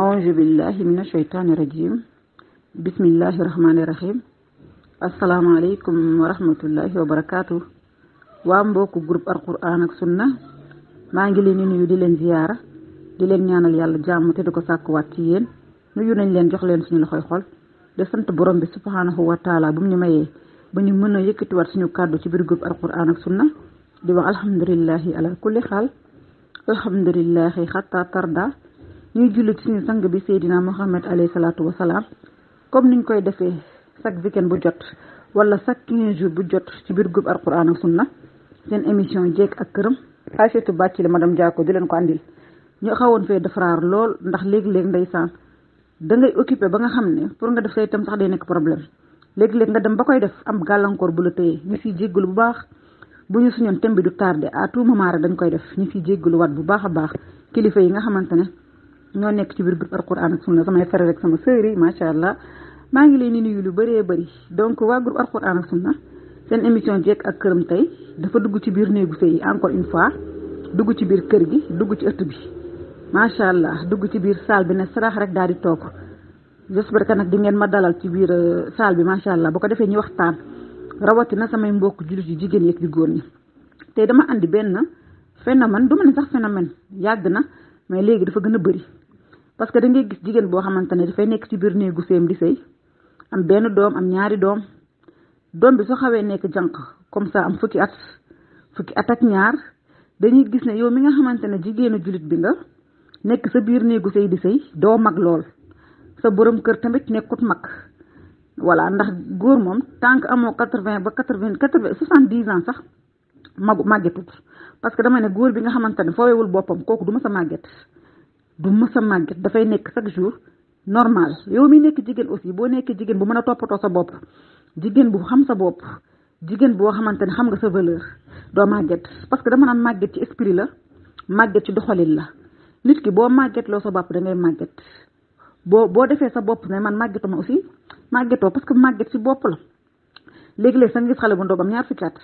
auzu billahi min asheytaani rajim bismillahi rahmaani rahim asalaamaaleykum wa rahmatullahi wa barakaatu waa mbokku groupe alquran ak sunna maa ngi leen di nuyu di leen ziyaara di leen ñaanal yàlla jàmm te di ko sàkkuwaat ci yéen nuyu nañ leen jox leen suñu loxoy xool de sant borom bi subhaanahu wa taala bu mu ñu mayee bu ñu mën a yëkkatiwaat suñu kàddu ci biir groupe alquran ak sunna di wax alhamdulillahi ala kulli xaal alhamdulillahi xataa ñu julli ci suñu sang bi Seydina Muhammad alayhi salaatu wa salaam comme ñu koy defee chaque weekend bu jot wala chaque quinze jours bu jot ci biir groupe Alquran ak sunna seen émission jeeg ak këram Aïssatou Bathily madame Diako di leen ko andil ñu xawoon fee defaraar lool ndax léegi-léeg ndeysaan da ngay occupé ba nga xam ne pour nga def say itam sax day nekk problème léegi-léeg nga dem ba koy def am gàllankoor bu la tëyee ñu fi jéggalu bu baax bu ñu suñoon thème bi du tardé à tout moment rek dañ koy def ñu siy jéggalu bu baax a baax kilifa yi nga xamante ne ñoo nekk ci biir groupe alquran ak sunna samay frère ak sama sœur yi macha allah maa ngi leen di nuyu lu bëree bëri donc waa groupe alquran ak sunna seen émission jeeg ak këram tey dafa dugg ci biir néegu sëy yi encore une fois dugg ci biir kër gi dugg ci ëtt bi macha allah dugg ci biir saal bi ne sarax rek daal di toog j'espère que nag di ngeen ma dalal ci biir saal bi macha allah bu ko defee ñu waxtaan rawatina samay mbokk julit yu jigéen yeeg di góor ñi tey dama andi benn phénomène du ma ne sax phénomène yàgg na mais léegi dafa gën a bëri parce que da ngay gis jigéen boo xamante ne dafay nekk ci biir néegu seem di sëy am benn doom am ñaari doom doom bi soo xawee nekk jànq comme ça am fukki at fukki at ak ñaar dañuy gis ne yow mi nga xamante ne jigéenu jullit bi nga nekk sa biir néegu sëy di sëy doo mag lool sa borom kër tamit nekkut mag voilà ndax góor moom tant amoo quatre vingt ba quatre vingt quatre vingt soixante dix ans sax magu màggetut parce que dama ne góor bi nga xamante ne foowewul boppam kooku du ma màgget du mësa màgget dafay nekk chaque jour normal yow mi nekk jigéen aussi boo nekkee jigéen bu mën a toppatoo sa bopp jigéen bu xam sa bopp jigéen boo xamante ne xam nga sa valeur doo màgget parce que dama naan màgget ci esprit la màgget ci doxalin la nit ki boo màggetloo sa bopp da ngay màgget boo boo defee sa bopp ne man màggetuma aussi màggetoo parce que màgget ci bopp la léegi-léeg sa nga gis xale bu ndogam ñaar fukki at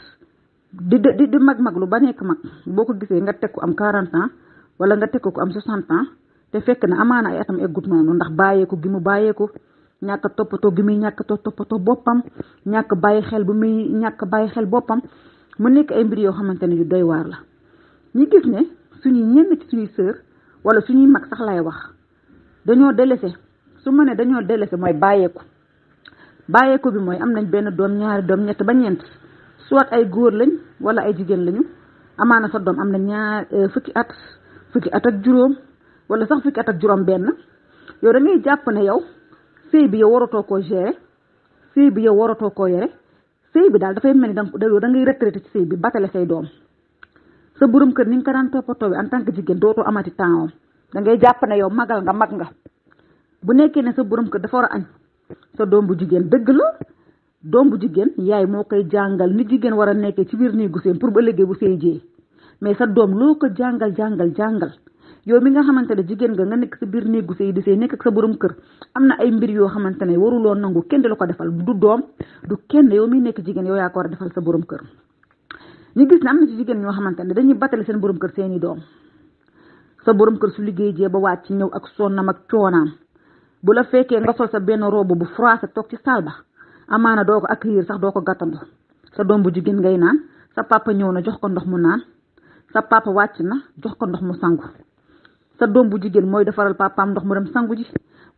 di di di mag mag lu ba nekk mag boo ko gisee nga teg ko am 40 ans wala nga teg ko am 60 ans te fekk na amaana ay atam eggut noonu ndax bàyyeeku gi mu bàyyeeku ñàkk toppatoo gi muy ñàkk toppatoo boppam ñàkk bàyyi xel bu muy ñàkk bàyyi xel boppam mu nekk ay mbir yoo xamante ne yu doy waar la ñu gis ne suñuy ñenn ci suñuy sœur wala suñuy mag sax lay wax dañoo délaissé su ma ne dañoo délaissé mooy bàyyeeku bàyyeeku bi mooy am nañ benn doom ñaari doom ñett ba ñeent soit ay góor lañ wala ay jigéen lañu amaana sa doom am na ñaar euh, fukki at fukki at ak juróom wala sax fukki at ak juróom benn yow da ngay jàpp ne yow sëy bi yow waratoo koo gérer sëy bi yow waratoo koo yore sëy bi daal dafay mel ni da yow da ngay retraité ci sëy bi batale say doom sa borom kër ni nga ko daan toppatoo en tant que jigéen dootoo amati temps da ngay jàpp ne yow magal nga mag nga bu nekkee ne sa borom kër dafa war a añ sa doom bu jigéen dëgg la doom bu jigéen yaay moo koy jàngal ni jigéen war a nekkee ci biir néegu seen pour ba léegi bu sëy jee mais sa doom loo ko jàngal jàngal jàngal yow mi nga xamante ne jigéen nga nga nekk sa biir néegu sëy di sëy nekk ak sa borom kër am na ay mbir yoo xamante ne waruloo nangu kenn di la ko defal du doom du kenn yow mi nekk jigéen yow yaa ko war a defal sa borom kër ñu na ci jigéen ñoo xamante ne dañuy battale seen borom kër doom sa borom kër su liggéey jee ba ci ñëw ak sonnam ak coonaam bu la fekkee nga sol sa benn robe bu froissé toog ci saal ba amaana doo ko accueillir sax doo ko gàttandu sa doom bu jigéen ngay naan sa papa ñëw na jox ko ndox mu naan sa papa wàcc na jox ko ndox mu sangu sa doom bu jigéen mooy defaral papaam ndox mu dem sangu ji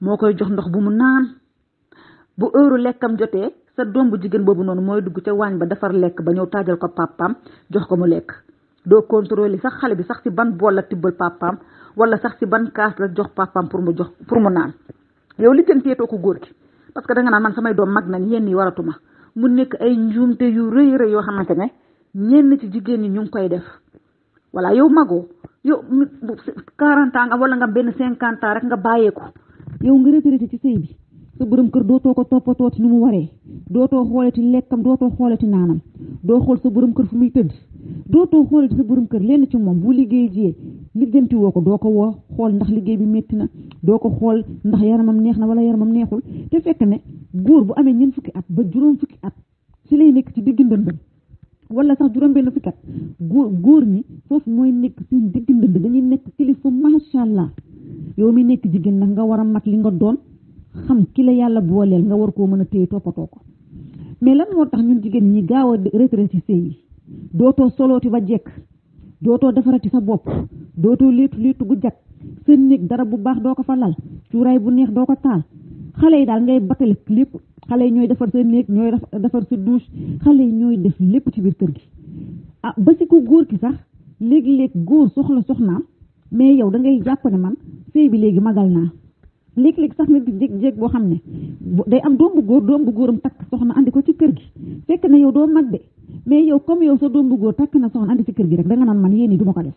moo koy jox ndox bu mu naan bu heure lekkam jotee sa doom bu jigéen boobu noonu mooy dugg ca waañ ba defar lekk ba ñëw taajal ko papaam jox ko mu lekk doo contrôler sax xale bi sax ci ban bool la tibbal papaam wala sax ci ban kaas la jox papaam pour mu jox pour mu naan yow li gën teetoo ko góor gi parce que da nga naan man samay doom mag nañ yenn yi waratuma mu nekk ay njuumte yu rëy rëy yoo xamante ne ñenn ci jigéen ñi ñu ngi koy def voilà yow magoo yow 40 ans nga wala nga rek nga bàyyeeku yow nga retraité ci sëy bi sa borom kër dootoo ko toppatoo ci mu waree doo toog xoolati lekkam dootoo xoolati naanam doo xool sa borom kër fu muy tëdd xoolati sa borom kër lenn ci moom bu liggéey jiyee lijjanti woo ko doo ko woo xool ndax liggéey bi métti na doo ko xool ndax yaram yaramam neex na wala yaramam neexul te fekk ne góor bu amee ñeent fukki at ba juróom fukki at ci lay nekk ci digg ndëndëm wala sax juróom-benn fukki góor góor ñi foofu mooy nekk seen digg ndënd dañuy nekk kilifa macha allah yow mi nekk jigéen nag nga war a mat li nga doon xam ki la yàlla booleel nga war koo mën a téye toppatoo ko mais lan moo tax ñu jigéen ñi gaaw a retraité sëy yi dootoo solooti ba jekk dootoo defarati sa bopp dootoo léetu léetu gu jag seen néeg dara bu baax doo ko fa lal cuuraay bu neex doo ko taal xale yi daal ngay batale lépp xale yi ñooy defar sa néeg ñooy defar sa douche xale yi ñooy def lépp ci biir kër gi ah ba si ko góor ki sax léegi-léeg góor soxla soxnaam mais yow da ngay jàpp ne man sëy bi léegi magal naa léeg-léeg sax nga gis jeg jéeg boo day am doom bu dombu doom bu soxna andi ko ci kër gi fekk na yow do mag de mais yow comme yow sa doom bu tak na soxna andi ci kër gi rek da nga nan man yeen yi duma ko def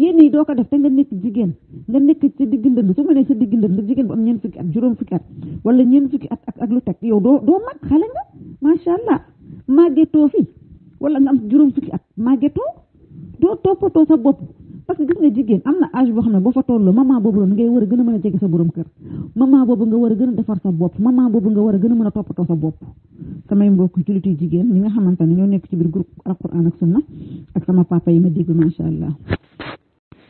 yeen yi do ko def te nga nekk jigéen nga nek ci digg ndënd su ma nee sa digg jigen bu am ñen fukki at juroom fukki at wala ñen fukki at ak ak lu tek yow do do mag xala nga sha allah geto fi wala nga am juroom fukki at geto do topoto sa bop parce que gis nga jigéen am na âge boo xam ne boo fa tolloo maman boobu ngay war a gën a mën a jege sa borom kër maman boobu nga war a gën a defar sa bopp maman boobu nga war a gën a mën a toppatoo sa bopp samay mbokk jullitu jigéen ñi nga xamante ne ñoo nekk ci biir groupe alquran ak sunna ak sama papa allah.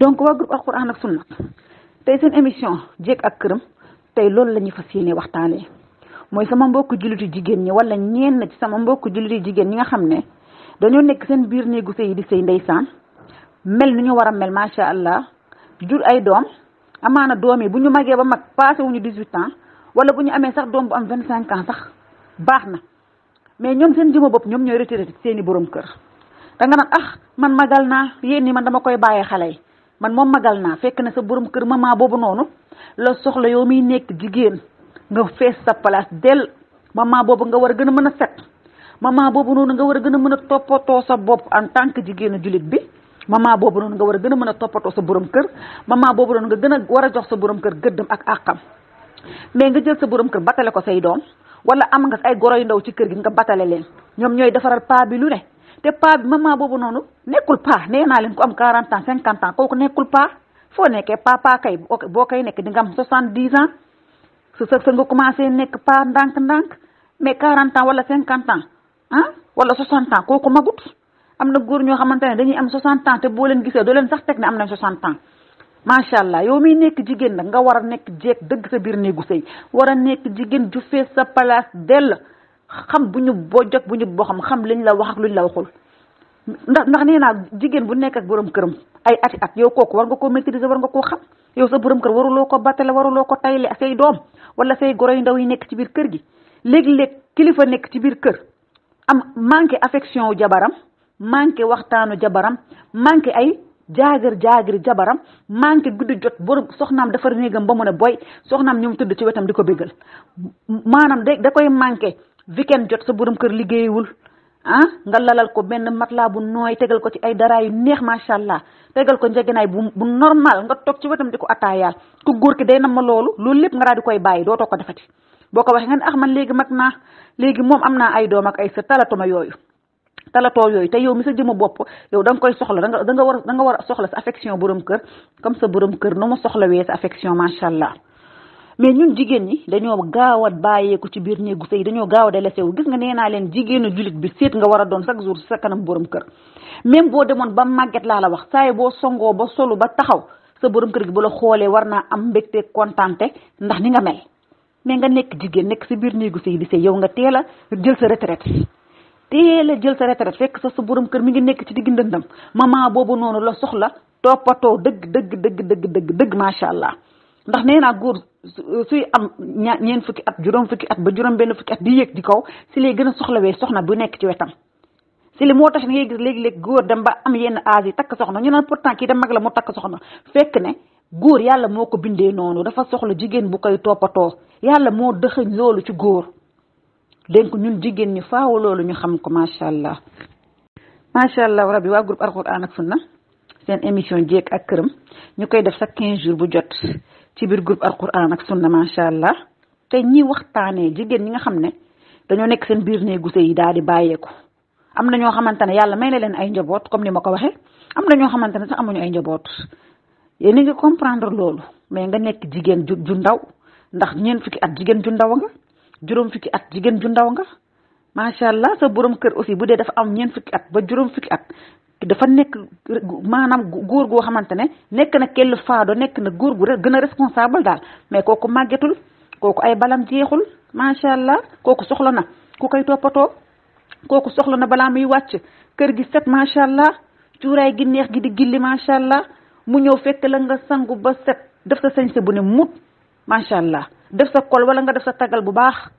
donc waa groupe alquran ak sunna émission jéeg ak këram tey loolu la ñuy fas yéene waxtaanee mooy sama mbokk jullitu jigéen ñi wala ñeen na ci sama mbokk jullitu jigéen ñi nga xam ne dañoo nekk seen biir néegu sëy di sëy ndeysaan mel ni ñu wara mel mel sha allah jur ay dom amana doom yi bu ñu magee ba mag passé wuñu 18 ans wala bu ñu sax doom bu am 25 ans sax baxna mais ñom seen jëma bop ñom ñoy retraité seeni borom kër da nga nak ah man magal na man dama koy bàyyi xalé man mom magal na fekk na sa borom kër mama bobu nonu la soxla yow mi nekk jigen nga fess sa place del mama bobu nga war gëna mëna set mama bobu nonu nga war gëna mëna topoto sa bop en tant que jigen julit bi maman boobu noonu nga war a mën a toppatoo sa borom kër maman boobu noonu nga gën a war a jox sa borom kër gëddam ak àqam mais nga jël sa borom kër batale ko say doom wala am nga ay goro yu ndaw ci kër gi nga batale leen ñoom ñooy defaral paa bi lu ne te paa bi maman boobu noonu nekkul paa nee naa leen ku am 40 ans 50 ans kooku nekkul paa foo nekkee paa paa kay boo kay nekk di nga am 70 ans su sa sa nga commencé nekk paa ndànk-ndànk mais 40 ans wala cinquante ans ah wala 60 ans kooku magut. am na góor ñoo xamante ne dañuy am 60 ans te boo leen gisee doo leen sax teg ne am nañ 60 ans macha allah yow miy nekk jigéen nag nga war a nekk jeeg dëgg sa biir néegu sëy war a nekk jigéen ju fees sa place dell xam bu ñu bojjog bu ñu boo xam xam liñ la wax ak luñ la waxul. ndax ndax nee naa jigéen bu nekk ak borom këram ay ati at yow kooku war nga koo maîtriser war nga koo xam yow sa borom kër waruloo ko battale waruloo ko tayle say doom wala say goro yu ndaw yi nekk ci biir kër gi léegi-léeg kilifa nekk ci biir kër am manqué affection jabaram manke waxtaanu jabaram manke ay jaagir jaagir jabaram manke guddi jot bor soxnam defar néegam ba mu boy soxnam ñum tudd ci wetam diko ko manam de da koy manke weekend jot sa borom kër liggéeyul ah nga lalal ko ben matla bu noy tegal ko ci ay dara yu neex tegal ko njeginaay bu bu normal nga tok ci wetam diko ko ku góor ki day nam lolu lolu lepp nga daal di koy do dootoo ko defati boko wax ngeen ah man legi makna, legi mom amna ay dom ak ay sa talatuma yoyu talatoo yooyu te yow mi sa jëma bopp yow da koy soxla danga nga da nga war da nga war soxla sa affection borom kër comme sa borom kër nu mu soxlawee sa affection macha allah mais ñun jigéen ñi dañoo gaaw a bàyyeeku ci biir néegu sëy dañoo gaaw a delese wu gis nga nee naa leen jigéenu jullit bi seet nga war a doon chaque jour sa kanam borom kër demoon ba màgget laa la wax saa boo songoo ba solu ba taxaw sa borom kër gi bu la xoolee war naa am mbégte kontaante ndax ni nga mel mais nga nekk jigéen nekk si biir néegu sëy di sëy yow nga teel a jël sa retraite teel a jël sa retraite fekk sa sa borom kër mi ngi nekk ci digg ndëndam maman boobu noonu la soxla toppatoo dëgg dëgg dëgg dëgg dëgg dëgg macha allah ndax nee naa góor euh, suy am ña ñeen fukki at juróom fukki at ba juróom benn fukki at di yéeg di kaw si lay gën a soxlawee soxna bu nekk ci wetam si li moo tax ne ngay gis léegi-léegi góor dem ba am yenn âge yi takk soxna ñu naan pourtant kii da mag la mu takk soxna fekk ne góor yàlla moo ko bindee noonu dafa soxla jigéen bu koy toppatoo yàlla moo dëxëñ loolu ci góor dénk ñun jigéen ñu faw loolu ñu xam ko macha allah macha allah rabbi waa groupe alquran ak sunna seen émission jéeg ak këram ñu koy def chaque quinze jours bu jot ci biir groupe alquran ak sunna macha allah te ñi waxtaanee jigéen ñi nga xam ne dañoo nekk seen biir ne sëy yi daal di bàyyeeku am na ñoo xamante ne yàlla may na leen ay njaboot comme ni ma ko waxee am na ñoo xamante ne sax amuñu ay njaboot yéen a ngi comprendre loolu mais nga nekk jigéen ju ju ndaw ndax ñeent fukki at jigéen ju ndaw juróom fukki at jigéen ju ndaw nga macha allah sa borom kër aussi bu dee dafa am ñeen fukki at ba juróom fukki at dafa nekk maanaam góor goo xamante ne nekk na kell faado nekk na góor gu gën a responsable daal mais kooku màggetul kooku ay balam jeexul macha allah kooku soxla na ku koy toppatoo kooku soxla na balaa muy wàcc kër gi set macha allah cuuraay gi neex gi di gilli macha allah mu ñëw fekk la nga sangu ba set def sa sañse bu ne mut macha allah def sa kol wala nga def sa tagal bu baax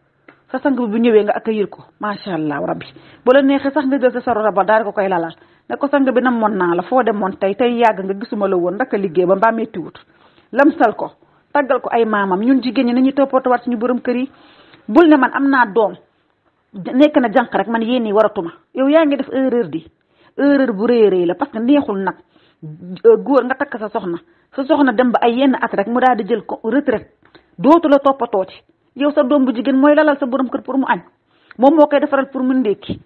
sa sang bu ñewé nga accueillir ko sha allah rabbi bu la nexé sax nga jël sa soro raba daal ko koy lalal da ko sang bi mon na la dem mon tay tay yag nga gisuma la won rek liggé ba ba wut lam sal ko tagal ko ay mamam ñun jigéen ñi nañu toppatowaat suñu borom kër yi bul ne man amna doom nek na jank rek man yéen waratuma yow yaangi def erreur di erreur bu rëy la parce que neexul nak goor nga tak sa soxna sa soxna dem ba ay yenn at rek mu daal di jël retraite dootu la toppatoo ci yow sa doom bu jigéen mooy lalal sa borom kër pour mu añ moom moo koy defaral pour mu ndékki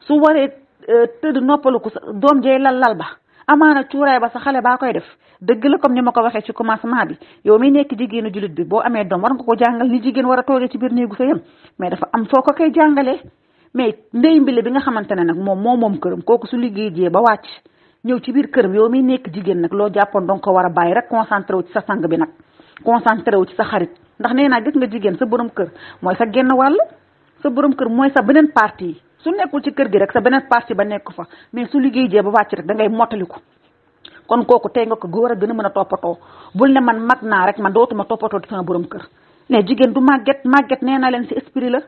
su waree euh, tëdd noppalu ko sa doom jey lal lal ba amaana cuuraay ba sa xale baa koy def dëgg la comme ni ma ko waxee ci commencement bi yow mi nekk jigéenu jullit bi boo amee doom war nga ko jàngal ni jigéen war a ci biir néegu sëyam dafa am foo ko koy jàngalee mais ndey mbile bi nga xamante ne nag moom moo moom këram kooku su liggéey jee ba wàcc ñëw ci biir këram yow mi nekk jigéen loo jàppoon dong ko war a bàyyi rek concentré wu ci sa sang bi nag concentré wu ci sa xarit ndax nee naa gis nga jigéen sa borom kër mooy sa genn wàll sa borom kër mooy sa beneen partie su nekkul ci kër gi rek sa beneen partie ba nekk fa mais su liggéey jee ba wàcc rek da ngay mottaliku kon kooku tey nga ko góor a gën a mën a toppatoo bul ne man mag naa rek man dootuma toppatoo di sama borom kër mais jigéen du màgget màgget nee naa leen ci esprit la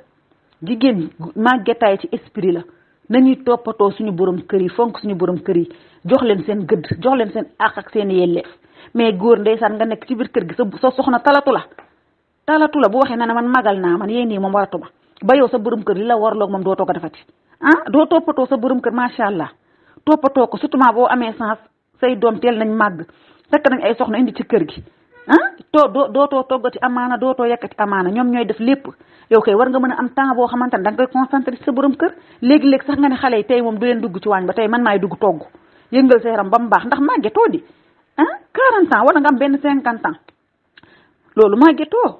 jigéen màggetaay ci esprit la nañuy toppatoo suñu borom kër yi fonk suñu borom kër yi jox leen seen gëdd jox leen seen àq ak seen yelleef mais góor ndeysaan nga nekk ci biir kër gi sa sa soxna talatu la talatu la bu waxee na ne man magal naa man yéen nii moom waratu ma ba yow sa borom kër li la warloog moom dootoo ko defati ah doo toppatoo sa borom kër macha allah toppatoo ko surtout boo amee sens say doom teel nañ màgg fekk nañ ay soxna indi ci kër gi ah too doo dootoo toggati amaana dootoo yekkati amaana ñoom ñooy def lépp yow kay war nga mën a am temps boo xamante ne da nga koy concentré ci sa borom kër léegi-léegi sax nga ne xale yi tey moom du leen dugg ci waañ ba tey man maay dugg togg yëngal sa ba mu baax ndax màgge too di ah quarante ans wala nga benn cinquante ans loolu màggetoo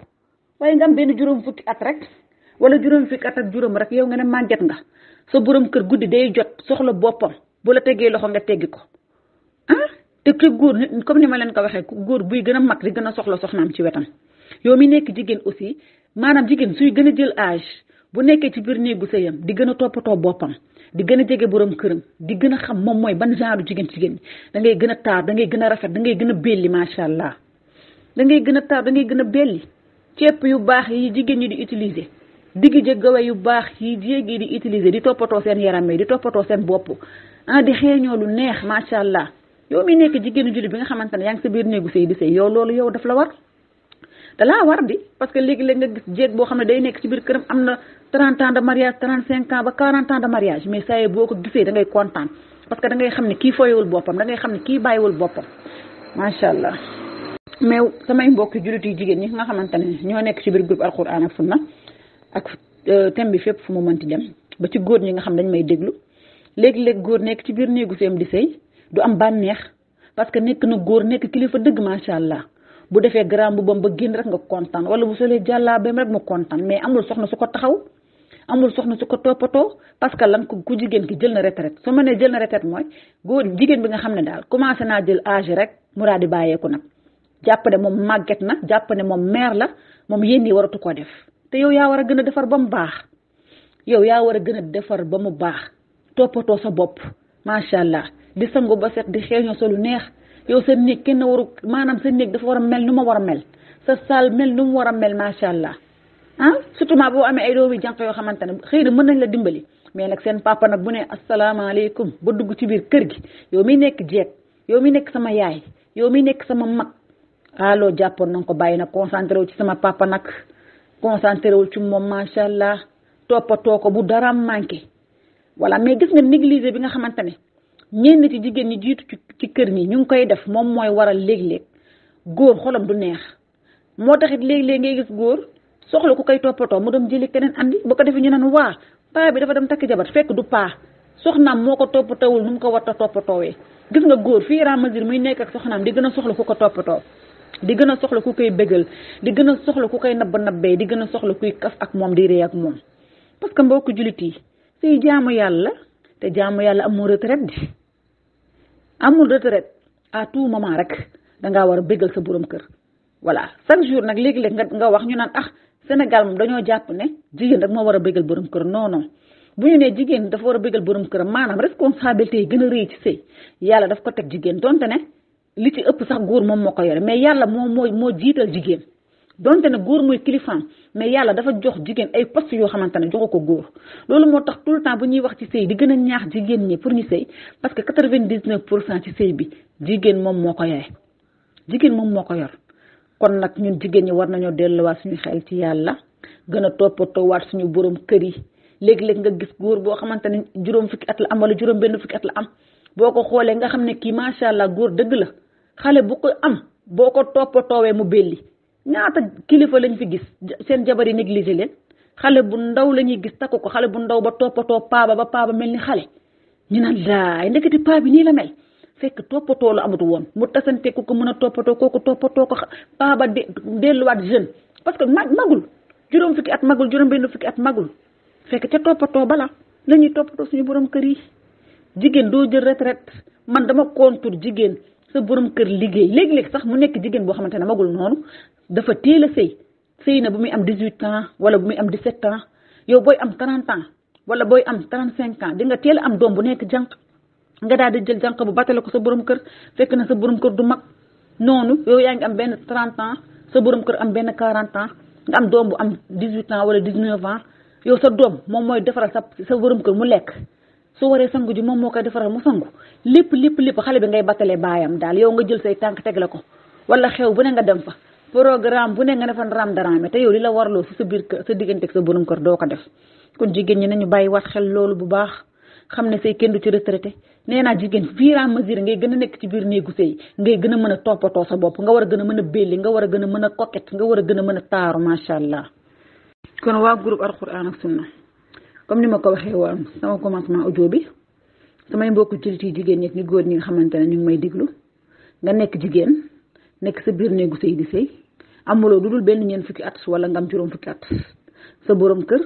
waaye nga am benn juróom fukki at rek wala juróom fukki at ak juróom rek yow nga ne màgget nga sa borom kër guddi day jot soxla boppam bu la tegee loxo nga teggi ko ah te ke góor comme ni ma leen ko waxee góor buy gën a mag di gën a soxla soxnaam ci wetam yow mi nekk jigéen aussi maanaam jigéen suy gën a jël âge bu nekkee ci biir néegu sëyam di gën a boppam di gën a jege kër këram di gën a xam moom mooy ban genre jigéen jigéen da ngay gën a taar da ngay gën a rafet da gën a belli macha allah da ngay gën a taar da ngay gën a belli ceeb yu baax yi jigéen ñi di utiliser digg jëggawe yu baax yi jéegi di utiliser di toppatoo seen yaram yi di toppatoo seen bopp ah di xeeñoo lu neex macha allah yow mi nekk jigéenu jullit bi nga xamante ne yaa ngi sa biir néegu sëy di sëy yow loolu yow daf la war té la war di parce que légui la nga gis jeet bo xamné day nekk ci bir kërëm amna 30 ans de mariage 35 ans ba 40 ans de mariage mais sayé boko gissé da ngay contane parce que da ngay xamné ki foyewul bopam da ngay xamné ki bayiwul bopam ma sha Allah mais sama mbokk julit yi jigen ñi nga xamantene ño nekk ci bir groupe alcorane ak sunna ak euh, thème bi fep fu mu mënti dem ba ci goor ñi nga xam dañ may déglu légui légui goor nekk ci bir neegu sem di sey du am banex parce que nekk na goor nekk kilifa deug ma sha Allah bu defee grand boubam ba génn rek nga contane wala bu jalla jàllaabeem rek mu contane mais amul soxna suko taxaw amul soxna suko topato parce que lan ko ku jigen ki jël na retraite so mané jël na retraite moy goor jigen bi nga xamné dal commencé na jël âge rek mu daal di bàyyeeku nag jàpp ne moom na japp né mom mère la mom waratu ko def te yow ya wara gëna défar bam baax yow ya wara gëna défar bamu baax topato sa bop machallah di sangu ba sét di xéñu neex yow sa néeg kenn waru maanaam sa néeg dafa war a mel nu ma war a mel sa saal mel nu mu war a mel macha allah ah surtout boo amee ay doomi jànq yoo xamante ne xëy na mën nañ la dimbali mais nag seen papa nag bu ne asalaamaaleykum ba dugg ci biir kër gi yow mi nekk jeeg yow mi nekk sama yaay yow mi nekk sama mag aloo ah, jàppoon nanga ko bàyyi nag concentré wu ci sama papa nag concentré wul ci moom macha allah toppatoo ko bu dara manqué voilà mais gis nga négligé bi nga xamante ne ñenn ci jigéen ñi jiitu ci ci kër ñi ñu ngi koy def moom mooy waral léeg-léeg góor xolam du neex moo taxit léeg-léeg ngay gis góor soxla ku koy toppatoo mu dem jëli keneen andi bu ko defee ñu naan waa paa bi dafa dem takk jabar fekk du paa soxnaam moo ko toppatoowul nu mu ko war a toppatoowee gis nga góor fii à mesure muy nekk ak soxnaam di gën a soxla ku ko toppatoo di gën a soxla ku koy bégal di gën a soxla ku koy nabb nabbee di gën a soxla kuy kaf ak moom di ree ak moom parce que mbokku jullit te jaamu yàlla amoo retraite bi amul retraite à tout moment rek da ngaa war a bégal sa borom kër voilà chaque jour nag léegi-léeg nga nga wax ñu naan ah Sénégal moom dañoo jàpp ne jigéen rek moo war a bégal borom kër non non bu ñu nee jigéen dafa war a bégal borom kër maanaam responsabilité yi gën a rëy ci sëy yàlla daf ko teg jigéen donte ne li ci ëpp sax góor moom moo ko yore mais yàlla moo moo moo jiital jigéen donte ne góor mooy kilifaam mais yàlla dafa jox jigéen ay poste yoo xamante ne joxu ko góor loolu moo tax tout le temps bu ñuy wax ci sëy di gën a ñaax jigéen ñi pour ñu sëy parce que quatre-vingt-dix-neuf pour cent ci sëy bi jigéen moom moo ko yore jigéen moom moo ko yor kon nag ñun jigéen ñi war nañoo delluwaat suñu xel ci yàlla gën a toppatoowaat suñu borom kër yi léeg-léeg nga gis góor boo xamante ne juróom fukki at la am wala juróom benn fukki at la am boo ko xoolee nga xam ne kii macha allah góor dëgg la xale bu ko am boo ko toppatoowee mu belli ñaata kilifa lañ fi gis seen jabar yi négligé leen xale bu ndaw la ñuy gis takku ko xale bu ndaw ba toppatoo paaba ba paaba mel ni xale ñu na laay ndekete paa bi nii la mel fekk toppatoo la amatu woon mu tasante ku ko mën a toppatoo kooku toppatoo ko paaba de delluwaat jeune parce que mag magul juróom fukki at magul juróom benn fukki at magul fekk ca toppatoo bala la ñuy toppatoo suñu borom kër yi jigéen doo jël retraite man dama kontur jigéen sa borom kër liggéey léeg-léeg sax mu nekk jigéen boo xamante ne magul noonu dafa teel a sëy sëy na bu muy am 18 ans wala bu muy am 17 ans yow booy am 30 ans wala booy am 35 ans di nga teel a am doom bu nekk jànq nga daal di jël janq bu batale ko sa borom kër fekk na sa borom kër du mag noonu yow yaa ngi am benn 30 ans sa borom kër am benn 40 ans nga am doom bu am 18 ans wala 19 ans yow sa doom moom mooy defaral sa sa borom kër mu lekk. su waree sangu ji moom moo koy defaral mu sangu lépp lépp lépp xale bi ngay battalee baayam daal yow nga jël say tànk teg ko wala xew bu nga dem fa programme bu ne nga defan ramdaraan te yow li la warloo si sa biir kër sa diggante ak sa borom kër doo ko def kon jigéen ñi ñu bàyyi waat xel loolu bu baax xam ne say kenn du ci retraité nee naa jigéen fur et à mesure ngay gën a nekk ci biir néegu ngay gën a mën a toppatoo sa bopp nga war a gën a mën a belli nga war a gën a a coquette nga war a a mën a taaru macha allah. kon waa groupe alquran ak sunna comme ni ma ko waxee woon sama commencement audio bi samay mbokku jullit yi jigéen ñi ñu góor ñi nga xamante ne ñu ngi may diglu nga nekk jigéen nekk sa biir néegu sëy di sëy amuloo dudul benn ñeent fukki at wala ngam juróom fukki at sa borom kër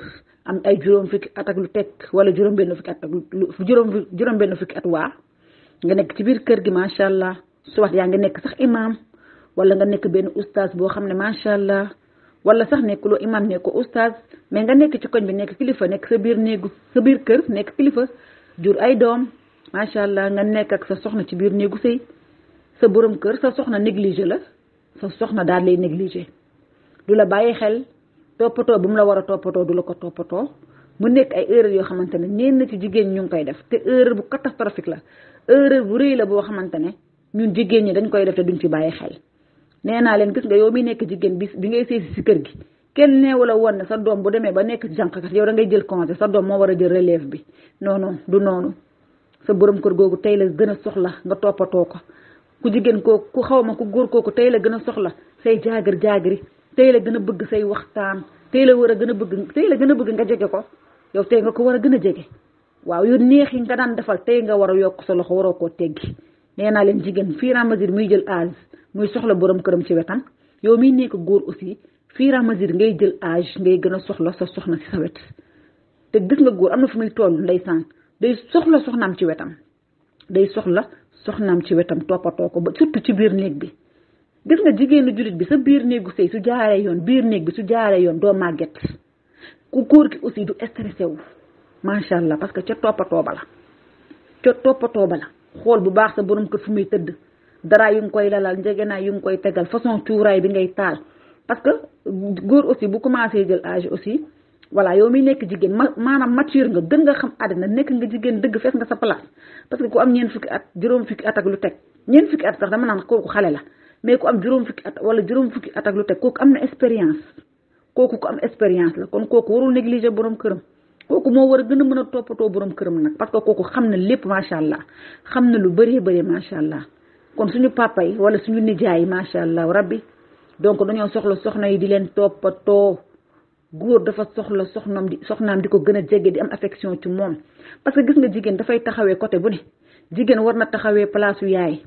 am ay juróom fukki at ak lu teg wala juróom benn fukki at ak lu nga nekk ci biir kër gi macha allah soit yaa nga nekk sax imaam wala nga nekk benn oustaz boo xam ne macha allah wala sax nekkuloo imaam nekkoo oustaz mais nga nekk ci koñ bi nekk kilifa nekk sa biir néegu sa biir kër nekk kilifa jur ay doom macha allah nga nekk ak sa soxna ci biir néegu sëy sa borom kër sa soxna négliger la. sa soxna daal lay négligé du la bàyyi xel toppatoo bu mu la war a toppatoo du la ko toppatoo mu nekk ay erreur yoo xamante ne ñenn ci jigéen ñu ngi koy def te erreur bu catastrophique la erreur bu rëy la boo xamante ne ñun jigéen ñi dañ koy def te duñ ci bàyyi xel. nee naa leen gis nga yow mi nekk jigéen bi bi ngay séesi si kër gi kenn neewu la woon ne sa doom bu demee ba nekk jànqkat yow da ngay jël congé sa doom moo war a jël relève bi non du noonu sa borom kër googu tey la gën a soxla nga toppatoo ko. ku jigéen kooku ku xaw ma ku góor kooku tey la gën a soxla say jaagar jaagari tey la gën a bëgg say waxtaan tey la war a gën a bëgg tey la gën a bëgg nga jege ko yow tey nga ko war a gën a jege waaw yu neex yi nga daan defal tey nga war a yokk sa loxo waroo koo teggi nee naa leen jigéen fur et à muy jël âge muy soxla borom këram ci wetam yow miy nekk góor aussi fur et ngay jël âge ngay gën a soxla sa soxna si sa wet te gis nga góor am na fu muy toll ndeysaan day soxla soxnaam ci wetam day soxla soxnaam ci wetam toppatoo ko ba surtout ci biir néeg bi gis nga jigéenu jullit bi sa biir néegu sëy su jaaree yoon biir néeg bi su jaaree yoon doo màgget ku góor gi aussi du stressé wu macha allah parce que ca toppatoo ba la ca toppatoo ba la xool bu baax sa borom kër fu muy tëdd dara yu ngi koy lalal naa yu ngi koy tegal façon cuuraay bi ngay taal parce que góor aussi bu commencé jël âge aussi voilà yow mi nekk jigéen ma maanaam mature nga gën nga xam àddina nekk nga jigéen dëgg fees nga sa place parce que ku am ñeen fukki at juróom fukki at ak lu teg ñeen fukki at sax dama naan kooku xale la mais ku am juróom fukki at wala juróom fukki at ak lu teg kooku am na expérience kooku ku am expérience la kon kooku warul négliger boroom këram kooku moo war a gën a mën a toppatoo boroom këram nag parce que kooku xam na lépp macha allah xam na lu bëree bëree macha allah kon suñu papa wala suñu nijaay yi macha allah rabbi donc dañoo soxla soxna yi di leen toppatoo góor dafa soxla soxnaam di soxnaam di ko gën a jege di am affection ci moom parce que gis nga jigéen dafay taxawee côté bu ne jigéen war na taxawee palaasu yaay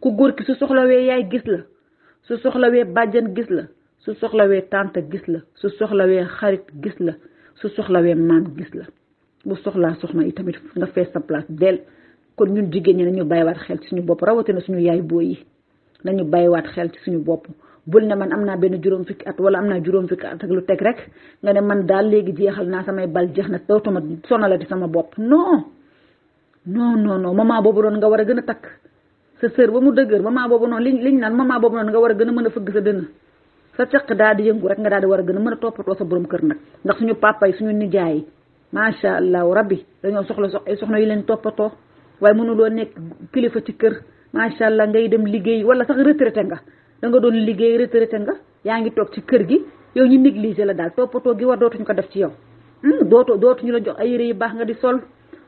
ku góor ki su soxlawee yaay gis la su soxlawee bàjjan gis la su soxla wee tante gis la su soxla wee xarit gis la su soxlawee maam gis la bu soxlaa soxna yi tamit nga fees sa place del kon ñun jigéen ñi nañu bàyyiwaat xel ci suñu bopp rawatina suñu yaay booy yi nañu bàyyiwaat xel ci suñu bopp bul ne man am naa benn juróom fukki at wala am naa juróom fukki at ak lu teg rek nga ne man daal léegi jeexal naa samay bal jeex na dootuma sonalati sama bopp non non non non maman boobu noonu nga war a gën a takk sa sër ba mu dëgër maman boobu noonu li liñ naan maman boobu noonu nga war a gën a mën a fëgg sa dënn sa caq daal di yëngu rek nga daal di war a gën a mën a toppatoo sa borom kër nag ndax ñu papa yi suñu nijaay yi macha allah rabbi dañoo soxla sox ay soxna yi leen toppatoo waaye mënuloo nekk kilifa ci kër macha allah ngay dem liggéey wala sax retraité nga danga doon liggéey retraité nga yaa ngi toog ci kër gi yow ñu négligé la daal toppatoo gi war dootuñu ko def ci yow hmm, dootu dootuñu la jox ay yére yu baax nga di sol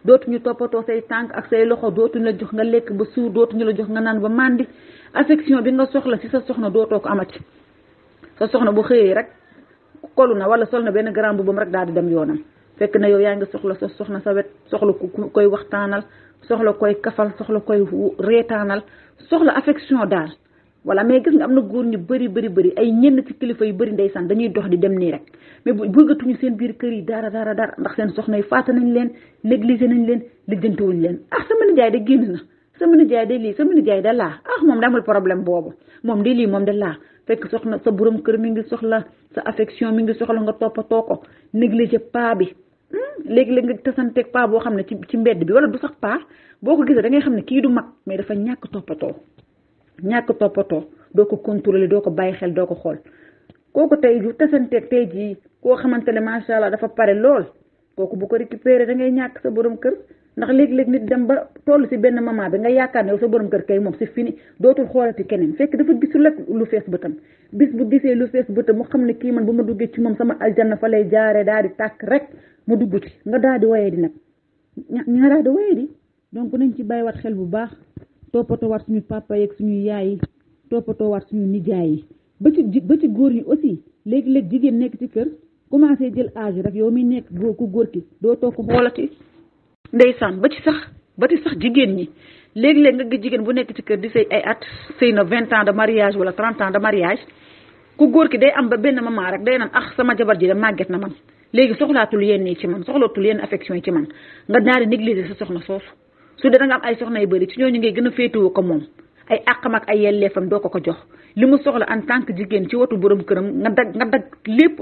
dootuñu toppatoo say tànk ak say loxo dootuñu la jox nga lekk ba suur dootuñu la jox nga naan ba màndi affection bi nga soxla ci sa soxna dootoo ko amati sa soxna bu xëyee rek kolu na wala sol na benn grand boubam rek daal di dem yoonam fekk na yow yaa ngi soxla sa soxna sa wet soxla ku koy waxtaanal soxla koy kafal soxla koy reetaanal soxla affection daal wala mais gis nga am na góor ñu bëri bëri bëri ay ñenn ci kilifa yu bëri ndey ndeysaan dañuy dox di dem nii rek mais bu bëggatuñu seen biir kër yi dara dara dara ndax seen soxna yi faata nañ leen négligé nañ leen lijjantewuñ leen ah sama nijaay de génn na sama nijaay de lii sama nijaay de laa ah moom da amul problème boobu moom de lii moom de laa fekk soxna sa borom kër mi ngi soxla sa affection mi ngi soxla nga toppatoo ko négligé paa bi hmm? léegi-léeg nga tasanteeg paa boo xam ne ci ci mbedd bi wala du sax paa boo ko gisee da ngay xam ne kii du mag mais dafa ñàkk toppatoo ñàkk toppatoo doo ko contrôler doo ko bàyyi xel doo ko xool kooku tey ju tasante tey jii koo xamante ne macha allah dafa pare lool kooku bu ko récupéré da ngay ñàkk sa borom kër ndax léeg-léeg nit dem ba toll si benn moment bi nga yaakaar ne yow sa borom kër kay moom si fini dootul xoolati keneen fekk dafa gisul rek lu fees bëtam bis bu gisee lu fees bëtam mu xam ne kii man bu ma duggee ci moom sama aljanna fa lay jaaree daal di tàkk rek mu dugg nga daal di wayee di nag donc nañ ci bàyyiwaat xel bu baax. toppatoowaat suñu papa yeeg suñu yaay yi toppatoowaat suñu nijaay yi ba ci ba ci góor ñi aussi léegi-léeg jigéen nekk ci kër commencé jël âge rek yow mi nekk góor ku góor ki doo toog ko xoolati ndeysaan ba ci sax ba ci sax jigéen ñi léegi-léeg nga jigéen bu nekk ci kër di sëy ay at sëy na vingt ans de mariage wala trente ans de mariage ku góor ki day am ba benn maman rek day naan ah sama jabar ji de màgget na man léegi soxlaatul yenn yi ci man soxlaatul yenn affection yi ci man nga daal di soxna soosu su dee da am ay soxna yu bëri ci ñooñu ngay gën a féetewoo ko moom ay àqam ak ay yelleefam doo ko ko jox li mu soxla en tant que jigéen ci watu borom këram nga dag nga dag lépp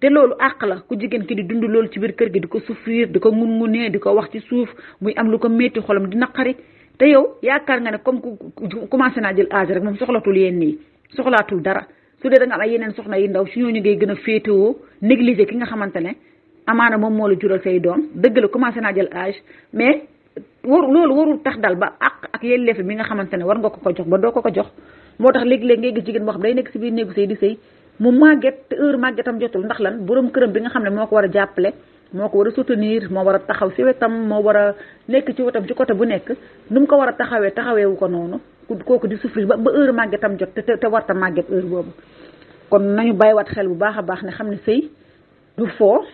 te loolu àq la ku jigéen ki di dund loolu ci biir kër gi di ko souffrir di ko ngungunee di ko wax ci suuf muy am lu ko métti xolam di naqari te yow yaakaar nga ne comme ku commencé naa jël âge rek soxlatul yenn yi soxlaatul dara su dee da am ay yeneen soxna yu ndaw si ñooñu ngay gën a féetewoo négliger ki nga xamante ne amaana moom moo la jural say doom dëgg la commencé naa jël âge mais waru loolu warul tax dal ba àq ak yelleef bi nga xamante ne war nga ko ko jox ba doo ko ko jox moo tax léegi-léeg ngay gis jigéen boo xam day nekk si biir néegu sëy di sëy mu màgget te màggetam jotul ndax lan borom këram bi nga xam ne moo ko war a jàppale moo ko war a soutenir moo war a taxaw si wetam moo war a nekk ci wetam ci côté bu nekk nu ko war a taxawee taxaweewu ko noonu kooku di souffrir ba ba heure màggetam jot te warta màgget heure boobu kon nañu bàyyiwaat xel bu baax a baax ne xam ne sëy du foo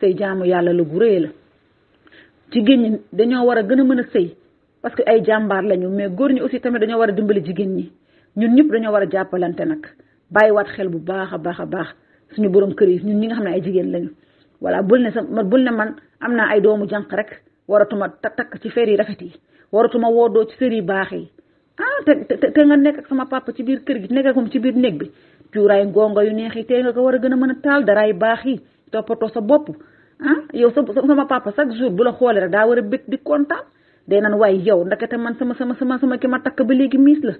sëy jaamu yàlla la gu rëy la jigéen ñi dañoo war a gën a mën a sëy parce que ay jàmbaar lañu mais góor ñi aussi tamit dañoo war a dimbali jigéen ñi ñun ñëpp dañoo war a jàppalante nag bàyyiwaat xel bu baax a baax a baax suñu borom kër yi ñun ñi nga xam ne ay jigéen lañu voilà bul ne sa man bul ne man am naa ay doomu jànq rek waratuma takk ci feer yi rafet yi waratuma woodoo ci fer yi baax yi ah te te te nga nekk sama pàpp ci biir kër gi nekk ak moom ci biir néeg bi cuuraay ngongo yu neex yi tey nga ko war a gën a mën a taal daraay baax yi toppatoo sa bopp ah yow sa ma papa chaque jour bu la xoolee rek daa war a bég di kontaan day naan waaye yow ndakate man sama ma sama ma ki ma takk ba léegi miis la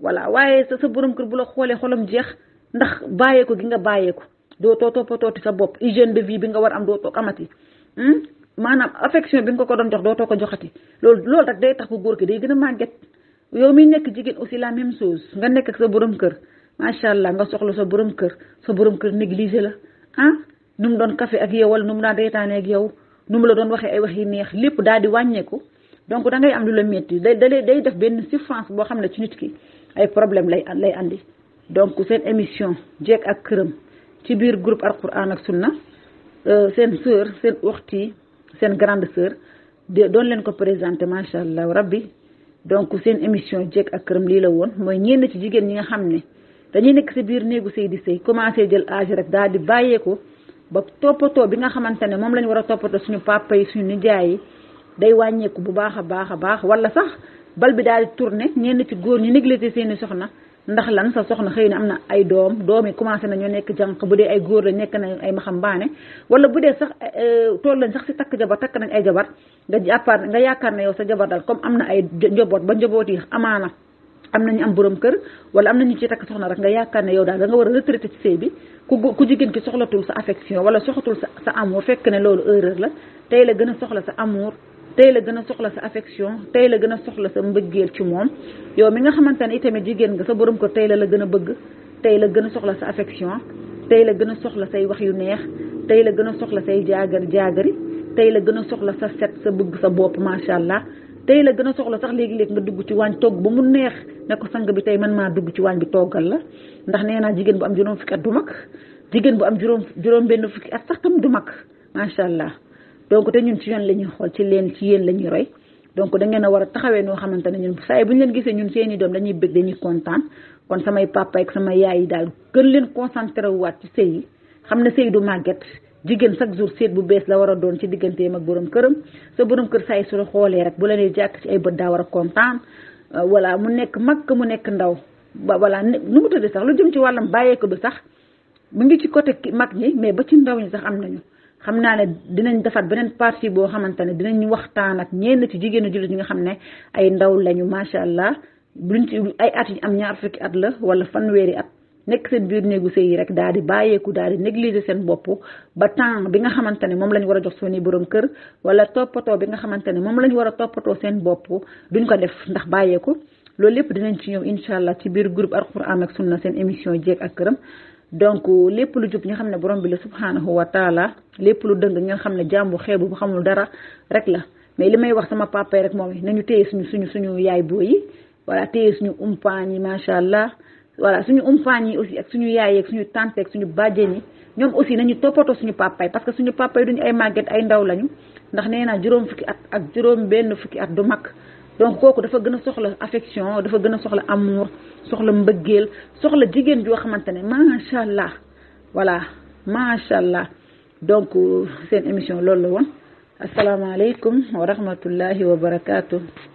voilà waaye sa sa borom kër bu la xoolee xolam jeex ndax bàyyeeku gi nga bàyyeeku doo too toppatooti sa bopp hygiène de vie bi nga war am doo toog amati hmm? maanaam affection bi nga ko doon jox doo too ko joxati loolu loolu rek day tax bu góor ki day gën a màgget yow mi nekk jigéen aussi la même chose nga nekk sa borom kër macha allah nga soxla sa borom kër sa borom kër négligé la ah nu mu doon kafe ak yowal nu mu daan reetaane ak yow nu mu la doon waxee ay wax yi neex lépp daal di wàññeeku donc da am lu la métti day day def benn souffrance boo xam ne ci nit ki ay problème lay lay andi. donc seen émission jeeg ak këram ci biir groupe Alquran ak sunna euh, seen sœur seen waxtu yi seen grande sœur de doon leen ko présenté macha allah rabbi donc seen émission jeeg ak këram lii la woon mooy ñenn ci jigéen ñi nga xam ne dañuy nekk si biir néegu sëy di sëy commencé jël âge rek daal di ba toppatoo bi nga xamante ne moom lañu war a toppatoo suñu papa yi suñu nijaay yi day wàññeeku bu baax a baax a baax wala sax bal bi daal di tourné ñenn ci góor ñu négligé seeni soxna ndax lan sa soxna xëy na am na ay doom doom yi commencé nañoo nekk jànq bu dee ay góor la nekk nañ ay maxam maxambaane wala bu dee sax eh, eh, tool lañ sax si takk jabar takk nañ ay jabar nga jàppaar nga yaakaar na yow sa jabar daal comme am na ay njaboot ba njaboot yi amaana am nañu am borom kër wala am nañu ci takk soxna rek nga yaakaar ne yow daal da nga war a retraité bi ku jigéen ki soxlatul sa affection wala soxatul sa sa amour fekk ne loolu erreur la tey la gën a soxla sa amour tey la gën a soxla sa affection tey la gën a soxla sa mbëggeel ci moom yow mi nga xamante ne itamit jigéen nga sa borom ko tey la la gën bëgg tey la gën soxla sa affection tey la gën soxla say wax yu neex tey la gën soxla say jaagar jaagari tey la gën a soxla sa set sa bëgg sa bopp macha tey la gën a soxla sax léegi-léeg nga dugg ci waañ togg ba mu neex ne ko sang bi tey man maa dugg ci waañ bi toggal la ndax nee naa jigéen bu am juróom fukki at du mag jigéen bu am juróom juróom benn fukki at sax tam du mag macha allah donc te ñun ci yoon la ñuy xool ci leen ci yéen la ñuy roy donc da ngeen a war a taxawee noo xamante ne ñun saa bu ñu leen gisee ñun seeni doom dañuy bëgg dañuy kontaan kon samay papa ak sama yaay yi daal gën leen concentré waat ci yi xam ne sëy du màgget jigéen chaque jour seet bu bees la war a doon ci digganteem ak boroom këram sa borom kër saa yi su la xoolee rek bu la jàkk ci ay bët daa war a kontaan euh, voilà mu nekk mag mu nekk ndaw ba voilà nu mu tëddee sax lu jëm ci wàllam bàyyeeku bi sax mu ngi ci côté mag ñi mais ba ci ndaw ñi sax am nañu. xam naa ne dinañ defaat beneen partie boo xamante ne dinañ waxtaan ak ñenn ci jigéenu jullit ñi nga xam ne ay ndaw lañu macha allah luñ ci ay at yi am ñaar fukki at la wala fanweeri at. nekk seen biir néegu sëy yi rek daal di bàyyeeku daal di négliger seen bopp ba temps bi nga xamante ne moom la ñu war a jox seeni boroom kër wala toppatoo bi nga xamante ne moom la ñu war a toppatoo seen bopp duñ ko def ndax bàyyeeku loolu lépp dinañ ci ñëw incha allah ci biir groupe alquran ak sunna seen émission jéeg ak këram donc lépp lu jub ñu xam ne borom bi la subhanahu wa taala lépp lu dëng nga xam ne jàmbu xeebu bu xamul dara rek la mais li may wax sama papa rek moom nañu téye suñu suñu suñu yaay boo yi voilà téye suñu umpaañ yi macha allah voilà suñu umpaañ yi aussi ak suñu yaay ak suñu tante ak suñu bàjjen yi ñoom aussi nañu toppatoo suñu papa yi parce que suñu papa yi duñu ay màgget ay ndaw lañu ndax nee naa juróom fukki at ak juróom benn fukki at du mag donc kooku dafa gën a soxla affection dafa gën a soxla amour soxla mbëggeel soxla jigéen joo xamante ne macha allah voilà macha allah donc euh, seen émission loolu la woon asalaamaaleykum wa rahmatullahi wa